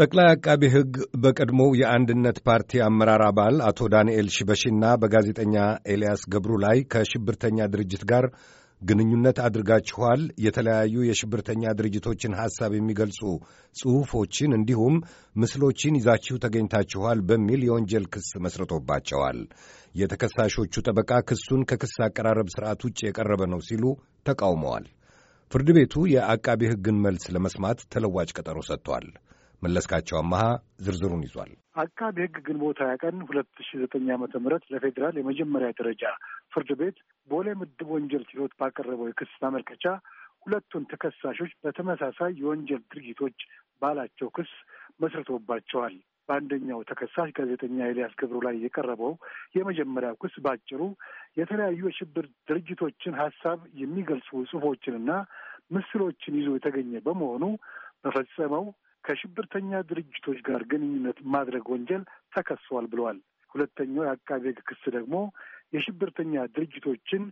ጠቅላይ አቃቢ ሕግ በቀድሞው የአንድነት ፓርቲ አመራር አባል አቶ ዳንኤል ሽበሺና በጋዜጠኛ ኤልያስ ገብሩ ላይ ከሽብርተኛ ድርጅት ጋር ግንኙነት አድርጋችኋል፣ የተለያዩ የሽብርተኛ ድርጅቶችን ሐሳብ የሚገልጹ ጽሑፎችን እንዲሁም ምስሎችን ይዛችሁ ተገኝታችኋል በሚል የወንጀል ክስ መስርቶባቸዋል። የተከሳሾቹ ጠበቃ ክሱን ከክስ አቀራረብ ሥርዓት ውጭ የቀረበ ነው ሲሉ ተቃውመዋል። ፍርድ ቤቱ የአቃቢ ሕግን መልስ ለመስማት ተለዋጭ ቀጠሮ ሰጥቷል። መለስካቸው አመሃ ዝርዝሩን ይዟል። አቃቢ ሕግ ግንቦት ሃያ ቀን ሁለት ሺ ዘጠኝ ዓመተ ምህረት ለፌዴራል የመጀመሪያ ደረጃ ፍርድ ቤት ቦሌ ምድብ ወንጀል ችሎት ባቀረበው የክስ ማመልከቻ ሁለቱን ተከሳሾች በተመሳሳይ የወንጀል ድርጊቶች ባላቸው ክስ መስርቶባቸዋል። በአንደኛው ተከሳሽ ጋዜጠኛ ኤልያስ ገብሩ ላይ የቀረበው የመጀመሪያው ክስ በአጭሩ የተለያዩ የሽብር ድርጅቶችን ሀሳብ የሚገልጹ ጽሁፎችንና ምስሎችን ይዞ የተገኘ በመሆኑ በፈጸመው ከሽብርተኛ ድርጅቶች ጋር ግንኙነት ማድረግ ወንጀል ተከሷል ብለዋል። ሁለተኛው የአቃቤ ሕግ ክስ ደግሞ የሽብርተኛ ድርጅቶችን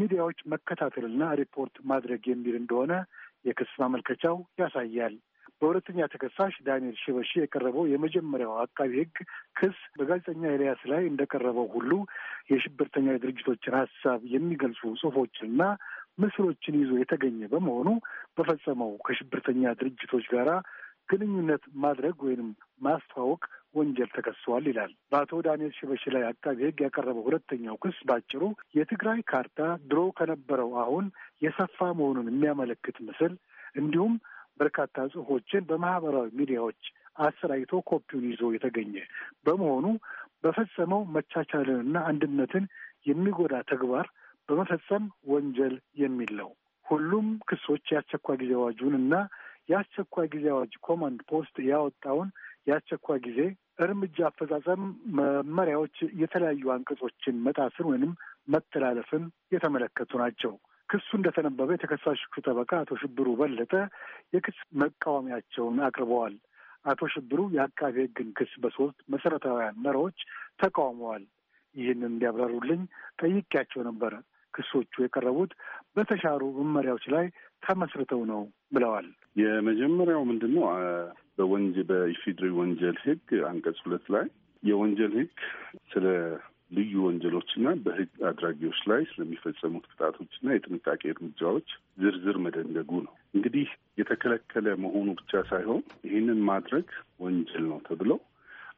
ሚዲያዎች መከታተልና ሪፖርት ማድረግ የሚል እንደሆነ የክስ ማመልከቻው ያሳያል። በሁለተኛ ተከሳሽ ዳንኤል ሽበሺ የቀረበው የመጀመሪያው አቃቢ ሕግ ክስ በጋዜጠኛ ኤልያስ ላይ እንደቀረበው ሁሉ የሽብርተኛ ድርጅቶችን ሀሳብ የሚገልጹ ጽሁፎችንና ምስሎችን ይዞ የተገኘ በመሆኑ በፈጸመው ከሽብርተኛ ድርጅቶች ጋራ ግንኙነት ማድረግ ወይንም ማስተዋወቅ ወንጀል ተከሷል ይላል። በአቶ ዳንኤል ሽበሽ ላይ አቃቢ ሕግ ያቀረበው ሁለተኛው ክስ ባጭሩ የትግራይ ካርታ ድሮ ከነበረው አሁን የሰፋ መሆኑን የሚያመለክት ምስል እንዲሁም በርካታ ጽሁፎችን በማህበራዊ ሚዲያዎች አሰራይቶ ኮፒውን ይዞ የተገኘ በመሆኑ በፈጸመው መቻቻልንና አንድነትን የሚጎዳ ተግባር በመፈጸም ወንጀል የሚል ነው። ሁሉም ክሶች የአስቸኳይ ጊዜ አዋጁን እና የአስቸኳይ ጊዜ አዋጅ ኮማንድ ፖስት ያወጣውን የአስቸኳይ ጊዜ እርምጃ አፈጻጸም መመሪያዎች የተለያዩ አንቀጾችን መጣስን ወይንም መተላለፍን የተመለከቱ ናቸው። ክሱ እንደተነበበ የተከሳሾቹ ጠበቃ አቶ ሽብሩ በለጠ የክስ መቃወሚያቸውን አቅርበዋል። አቶ ሽብሩ የአካቢ ሕግን ክስ በሶስት መሰረታዊያን መርሆዎች ተቃውመዋል። ይህንን እንዲያብራሩልኝ ጠይቄያቸው ነበረ። ክሶቹ የቀረቡት በተሻሩ መመሪያዎች ላይ ተመስርተው ነው ብለዋል። የመጀመሪያው ምንድን ነው? በወንጀ በኢፌዴሪ ወንጀል ህግ አንቀጽ ሁለት ላይ የወንጀል ህግ ስለ ልዩ ወንጀሎችና በህግ አድራጊዎች ላይ ስለሚፈጸሙት ቅጣቶችና የጥንቃቄ እርምጃዎች ዝርዝር መደንገጉ ነው። እንግዲህ የተከለከለ መሆኑ ብቻ ሳይሆን ይህንን ማድረግ ወንጀል ነው ተብለው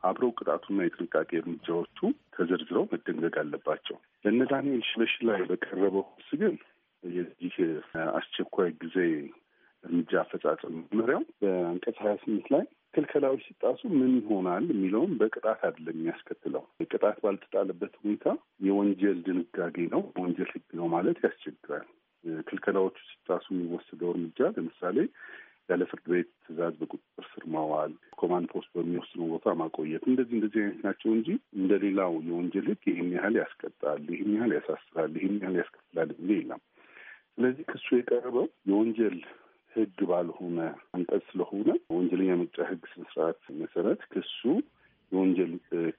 አብረው ቅጣቱና የጥንቃቄ እርምጃዎቹ ተዘርዝረው መደንገግ አለባቸው። ለእነ ዳንኤል ሽበሺ ላይ በቀረበው ክስ ግን የዚህ አስቸኳይ ጊዜ እርምጃ አፈጻጸም መመሪያው በአንቀጽ ሀያ ስምንት ላይ ክልከላዎች ሲጣሱ ምን ይሆናል የሚለውም በቅጣት አይደለም የሚያስከትለው። ቅጣት ባልተጣለበት ሁኔታ የወንጀል ድንጋጌ ነው፣ ወንጀል ሕግ ነው ማለት ያስቸግራል። ክልከላዎቹ ሲጣሱ የሚወሰደው እርምጃ ለምሳሌ ያለ ፍርድ ቤት ትእዛዝ በቁጥጥር ስር ማዋል፣ ኮማንድ ፖስት በሚወስነው ቦታ ማቆየት፣ እንደዚህ እንደዚህ አይነት ናቸው እንጂ እንደሌላው የወንጀል ህግ ይህን ያህል ያስቀጣል፣ ይህን ያህል ያሳስራል፣ ይህን ያህል ያስከፍላል ብ የለም። ስለዚህ ክሱ የቀረበው የወንጀል ህግ ባልሆነ አንቀጽ ስለሆነ ወንጀለኛ መቅጫ ህግ ስነ መሰረት ክሱ የወንጀል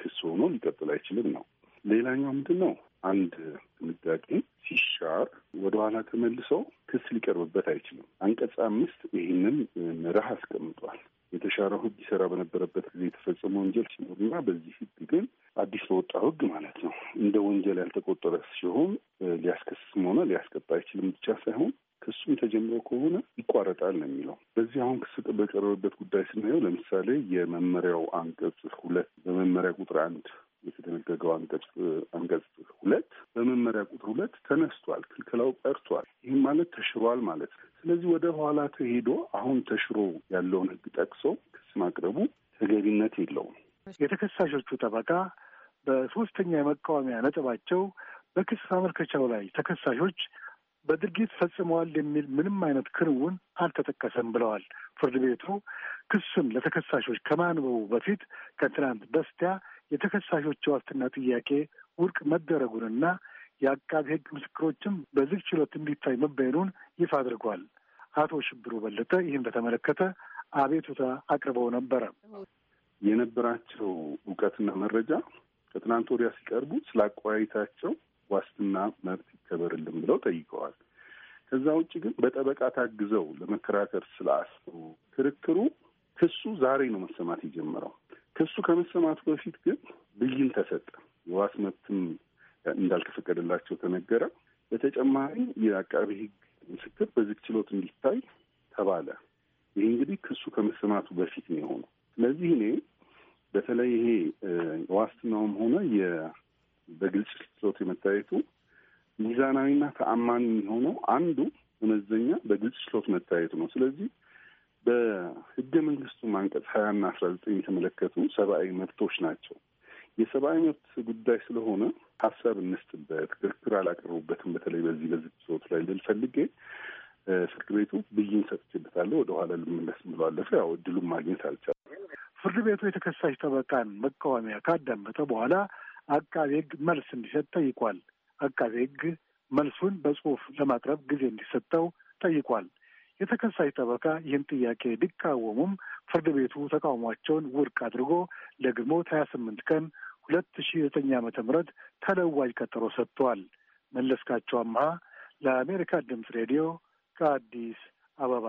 ክስ ሆኖ ሊቀጥል አይችልም ነው። ሌላኛው ምንድን ነው? አንድ ድንጋጌ ሲሻር ወደኋላ ተመልሰው ክስ ሊቀርብበት አይችልም። አንቀጽ አምስት ይህንን ምርህ አስቀምጧል። የተሻረ ህግ ይሰራ በነበረበት ጊዜ የተፈጸመ ወንጀል ሲኖርና በዚህ ህግ ግን አዲስ በወጣው ህግ ማለት ነው እንደ ወንጀል ያልተቆጠረ ሲሆን ሊያስከስስም ሆነ ሊያስቀጣ አይችልም ብቻ ሳይሆን ክሱም ተጀምሮ ከሆነ ይቋረጣል ነው የሚለው። በዚህ አሁን ክስ በቀረበበት ጉዳይ ስናየው ለምሳሌ የመመሪያው አንቀጽ ሁለት በመመሪያ ቁጥር አንድ የተደነገገው አንቀጽ አንቀጽ ሁለት በመመሪያ ቁጥር ሁለት ተነስቷል፣ ክልክላው ቀርቷል። ይህም ማለት ተሽሯል ማለት ነው። ስለዚህ ወደ ኋላ ተሄዶ አሁን ተሽሮ ያለውን ህግ ጠቅሶ ክስ ማቅረቡ ተገቢነት የለውም። የተከሳሾቹ ጠበቃ በሶስተኛ የመቃወሚያ ነጥባቸው በክስ ማመልከቻው ላይ ተከሳሾች በድርጊት ፈጽመዋል የሚል ምንም አይነት ክንውን አልተጠቀሰም ብለዋል። ፍርድ ቤቱ ክሱን ለተከሳሾች ከማንበቡ በፊት ከትናንት በስቲያ የተከሳሾች ዋስትና ጥያቄ ውድቅ መደረጉንና የአቃቤ ሕግ ምስክሮችም በዝግ ችሎት እንዲታይ መበየኑን ይፋ አድርጓል። አቶ ሽብሩ በለጠ ይህን በተመለከተ አቤቱታ አቅርበው ነበረ። የነበራቸው እውቀትና መረጃ ከትናንት ወዲያ ሲቀርቡ ስለ አቋያየታቸው ዋስትና መብት ይከበርልን ብለው ጠይቀዋል። ከዛ ውጭ ግን በጠበቃ ታግዘው ለመከራከር ስለአስቡ ክርክሩ ክሱ ዛሬ ነው መሰማት የጀመረው። ክሱ ከመሰማቱ በፊት ግን ብይን ተሰጠ። የዋስ መብትም እንዳልተፈቀደላቸው ተነገረ። በተጨማሪ የአቃቢ ህግ ምስክር በዝግ ችሎት እንዲታይ ተባለ። ይህ እንግዲህ ክሱ ከመሰማቱ በፊት ነው የሆነው። ስለዚህ እኔ በተለይ ይሄ ዋስትናውም ሆነ በግልጽ ችሎት የመታየቱ ሚዛናዊና ተአማኒ የሚሆነው አንዱ መመዘኛ በግልጽ ችሎት መታየቱ ነው። ስለዚህ በህገ መንግስቱ አንቀጽ ሀያና አስራ ዘጠኝ የተመለከቱ ሰብአዊ መብቶች ናቸው። የሰብአዊ መብት ጉዳይ ስለሆነ ሀሳብ እንስጥበት፣ ክርክር አላቀርቡበትም በተለይ በዚህ በዚህ ችሎት ላይ ልል ፈልጌ ፍርድ ቤቱ ብይን ሰጥቼበታለሁ ወደኋላ ልመለስ ብሎ ያው እድሉም ማግኘት አልቻለም። ፍርድ ቤቱ የተከሳሽ ጠበቃን መቃወሚያ ካዳመጠ በኋላ አቃቤ ሕግ መልስ እንዲሰጥ ጠይቋል። አቃቤ ሕግ መልሱን በጽሁፍ ለማቅረብ ጊዜ እንዲሰጠው ጠይቋል። የተከሳሽ ጠበቃ ይህን ጥያቄ ቢቃወሙም ፍርድ ቤቱ ተቃውሟቸውን ውድቅ አድርጎ ለግንቦት ሀያ ስምንት ቀን ሁለት ሺ ዘጠኝ ዓመተ ምህረት ተለዋጅ ቀጠሮ ሰጥቷል። መለስካቸው አምሃ ለአሜሪካ ድምፅ ሬዲዮ ከአዲስ አበባ